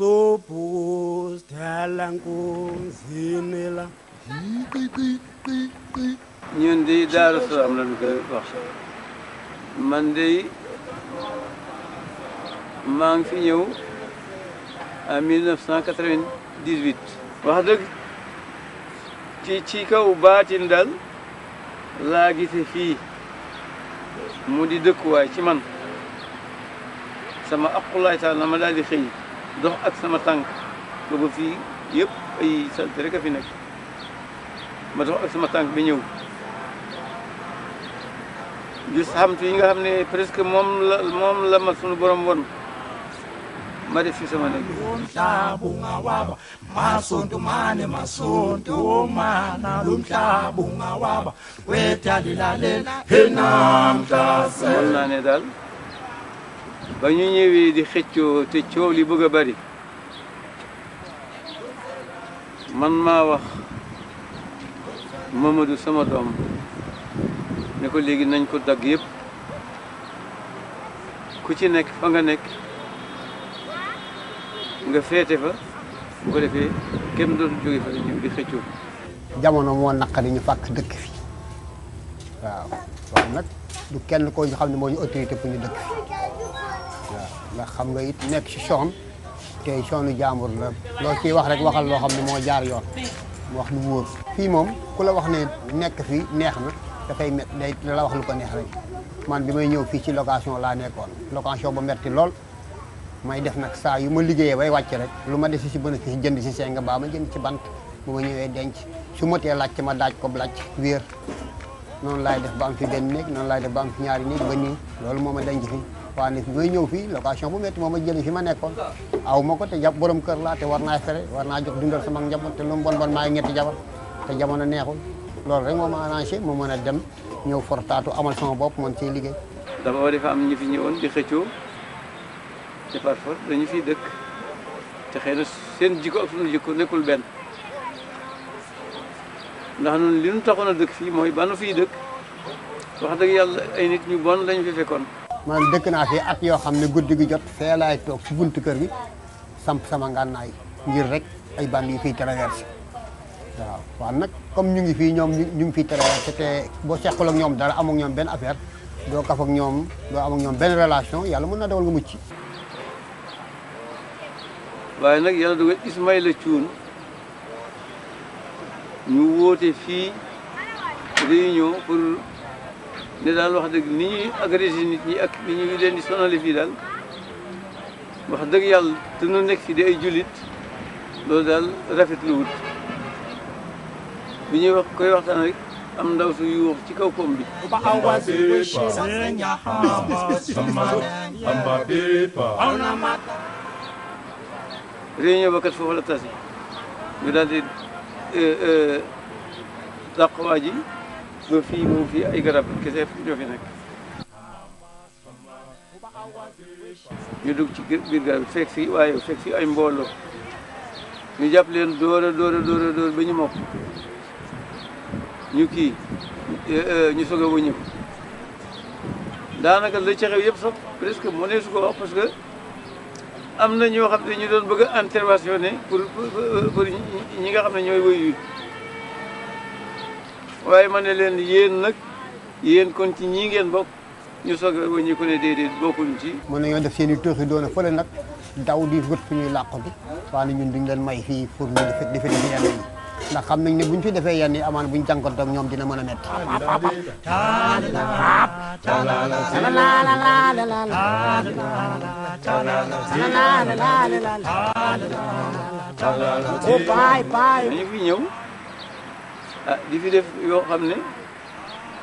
sobus talankunzini la ñun de Daaru Salaam lañu koy man de maa ngi fi ñëw en 1998 wax dëgg ci ci kaw baatin dal laa gise fii mu di dëkkuwaay ci man sama aqulaay taal na ma daal di dox ak sama tànk booba fii yëpp ay sant rek a fi nekk ma dox ak sama tànk bi ñëw gis xamtu yi nga xam ne presque moom la sunu borom won ma def fi sama nekk lumhlabu ngawaba masonto mane masonto omana lumhlabu ngawaba wetalilalela henamtase won naa ne daal ba ñu ñëwee di xëccoo te coow li bëgg a bari man maa wax Mamadou sama doom ne ko léegi nañ ko dagg yëpp ku ci nekk fa nga nekk nga féete fa bu ko defee kenn dootu jóge fa di xëccoo jamono moo naqari ñu fàkk dëkk fi waaw waaw nag du kenn koo ñu xam ne moo ñu autorité pour ñu dëkk fi ndax xam nga it nekk ci coon te coonu jaambur la loo ciy wax rek waxal loo xam ne moo jaar yoon wax lu wóor fii moom ku wax ne nekk fii neex na dafay met day la wax lu ko neex rek bi may ñëw fii ci location laa nekkoon location ba metti lool may def nag saa yu ma liggéeyee bay wàcc rek lu ma dese si bénéfice jënd si seng baa ma jënd ci bant bu ma ñëwee denc su ma tee laaj ma daaj ko laaj wéer noonu laay def ba am fi benn néeg noonu laay def ba néeg ba loolu moo ma denc fi waa ni ngay ñëw fii location bu métti moom a jëli fi ma nekkoon aw ma ko te jàpp borom kër laa te war naa fere war naa jox dundal sama njaboot te lu mu bon bon maa ngi ñetti jabar te jamono neexul lool rek moo ma arrangé ma mën a dem ñëw fortaatu amal sama bopp moon cee liggéey. d'abord dafa am ñu fi ñëwoon di xëccoo te par force dañu fiy dëkk te xëy seen jikko ak suñu jikko nekkul benn ndax ñun li ñu taxoon a dëkk fii mooy ba nu fiy dëkk wax dëgg yàlla ay nit ñu man dëkk naa fi at yoo xam ne guddi gi jot fee laay toog ci buntu kër gi samp sama ngànnaay ngir rek ay bandi yu fiy traversé waaw waaw nag comme ñu ngi fii ñoom ñu ngi fiy traversé te boo sequl ak ñoom dara amoo ñoom benn affaire doo kaf ak ñoom doo am ñoom benn relation yàlla mën na dawal nga mucc. waaye nag yàlla dogal Ismaïla Thioune ñu woote fii réunion pour. ne daal wax dëgg ni ñuy agressé ñi ak ni ñu leen sonale fii daal wax dëgg yàlla te nekk fi di ay jullit loolu daal rafetlu wut bi ñuy wax koy waxtaan rek am ndaw su yuux ci kaw koom bi réunion ba kat foofu la tase ñu daal di euh, euh, dàqwaa ji ba fii moom fii ay garab kese ñoo fi nekk ñu dugg ci biir garab fekk fii waaye fekk ay mbooloo ñu jàpp leen door a door a door ba ñu mokk ñu kii ñu eh, eh, soog a wëññi daanaka la ci xew yëpp sax presque mu ne su ko wax parce que am na ñoo xam ne ñu doon bëgg a interventionné pour pour ñi nga xam ne ñooy wëy waaye ma ne leen yéen nag yéen kon ci bokk ñu soog a wëññi ko ne déedéet bokkuñ ci. def seen i tooxi doona fële nag daw di wët fu ñuy làq bi waaye ñun duñ leen may fii pour ñu def defe nañu yenn yi ndax xam nañ ne buñ fi defee yenn yi amaan ñu jànkoonte ak ñoom dina mën a métti. dañu fi ñëw. ah di def yoo xam ne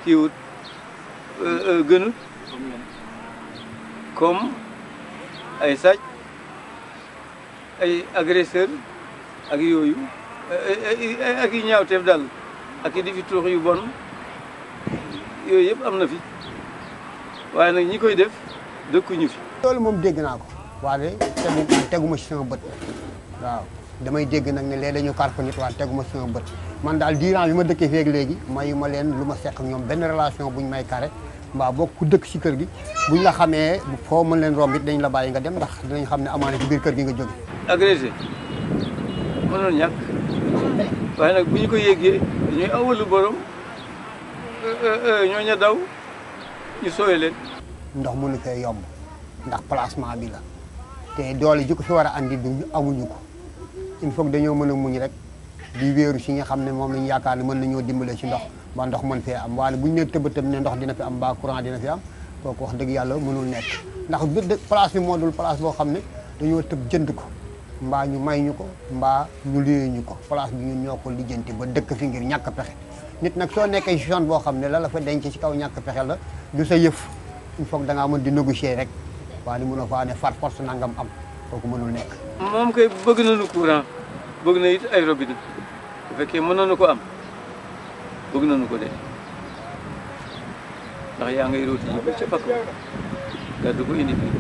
kii wut euh, euh, gënut comme ay sàcc ay agresseur ak yooyu ak yi ñaawteef dal ak yi di fi yu bon yooyu yëpp am na fi waaye nag ñi koy def dëkkuñu fi. loolu moom dégg naa ko waaye tamit teguma ci sama bët waaw. damay dégg nag ne léeg dañu kar ko nit waa teguma sama man daal diiran bi ma dëkkee feeg léegi mayu ma leen lu ma seq ñoom benn relation buñ may kare mbaa bokk ku dëkk si kër gi buñ la xamee foo mën leen rombit dañ la bàyyi nga dem ndax dinañ xam ne amaana ci biir kër gi nga jóge agressé mënoon ñàkk waaye nag bu ñu ko yéegee dañuy awalu borom euh, euh, euh, ñoo ña daw ñu sooy leen ndox mënu koy yomb ndax placement bi la te doole ji ko fi war a andi du amuñu ko il faut dañoo mën a muñ rek di wéeru si nga xam ne moom la ñu yaakaar ne mën nañoo dimbalee si ndox ba ndox mën fee am waale bu ñu ne tëbatëb ne ndox dina fi am ba courant dina fi am wax dëgg yàlla mënul nekk ndax bi place moo dul place boo xam ne dañoo tëb jënd ko mbaa ñu may ñu ko mbaa ñu luyee ñu ko place bi ñun ñoo ko lijjanti ba dëkk fi ngir ñàkk pexe nit nag soo nekkee si zone boo xam ne la la fa denc ci kaw ñàkk pexe la du sa yëf il faut que da mën di négocier rek waa ni mënoo faa ne far force nangam am kooku mënul nekk. moom kay bëgg nañu courant bëgg na it ko de ndax yaa ngay rooti ba ca pakk gàddu ko indi fii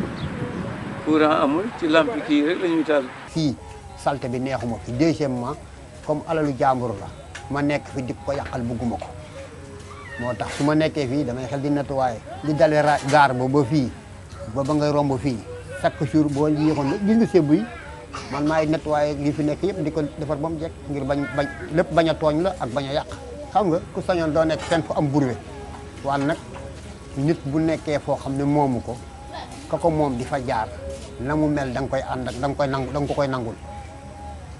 courant amul ci lamp kii rek la taal. fii salte bi neexuma fi deuxièmement comme alalu jàmbur la ma nekk fi di ko yàqal bëgguma ko moo tax su ma nekkee fii damay xel di nettoyer li dalee gaar ba ba fii ba ba ngay romb fii. chaque jour boo yéexoon gis nga sëb yi man maay nettoyé li fi nekk yëpp di ko defar ba mu jekk ngir bañ bañ lépp bañ a tooñ la ak bañ a yàq xam nga ku sañoon doo nekk fenn fu am burwe waaye nag nit bu nekkee foo xam ne moomu ko ka ko moom fa jaar na mu mel da nga koy ànd ak da koy nangu da ko koy nangul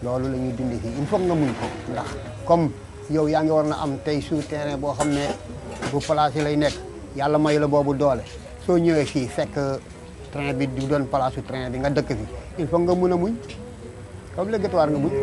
loolu la ñuy dundee fii il faut nga muñ ko yow yaa ngi war na am tey souterrain boo xam ne bu place lay nekk yàlla may la boobu doole soo ñëwee fii train bi du doon palaasu train bi nga dëkk fi il faut nga mun a muñ obligatoire nga muñ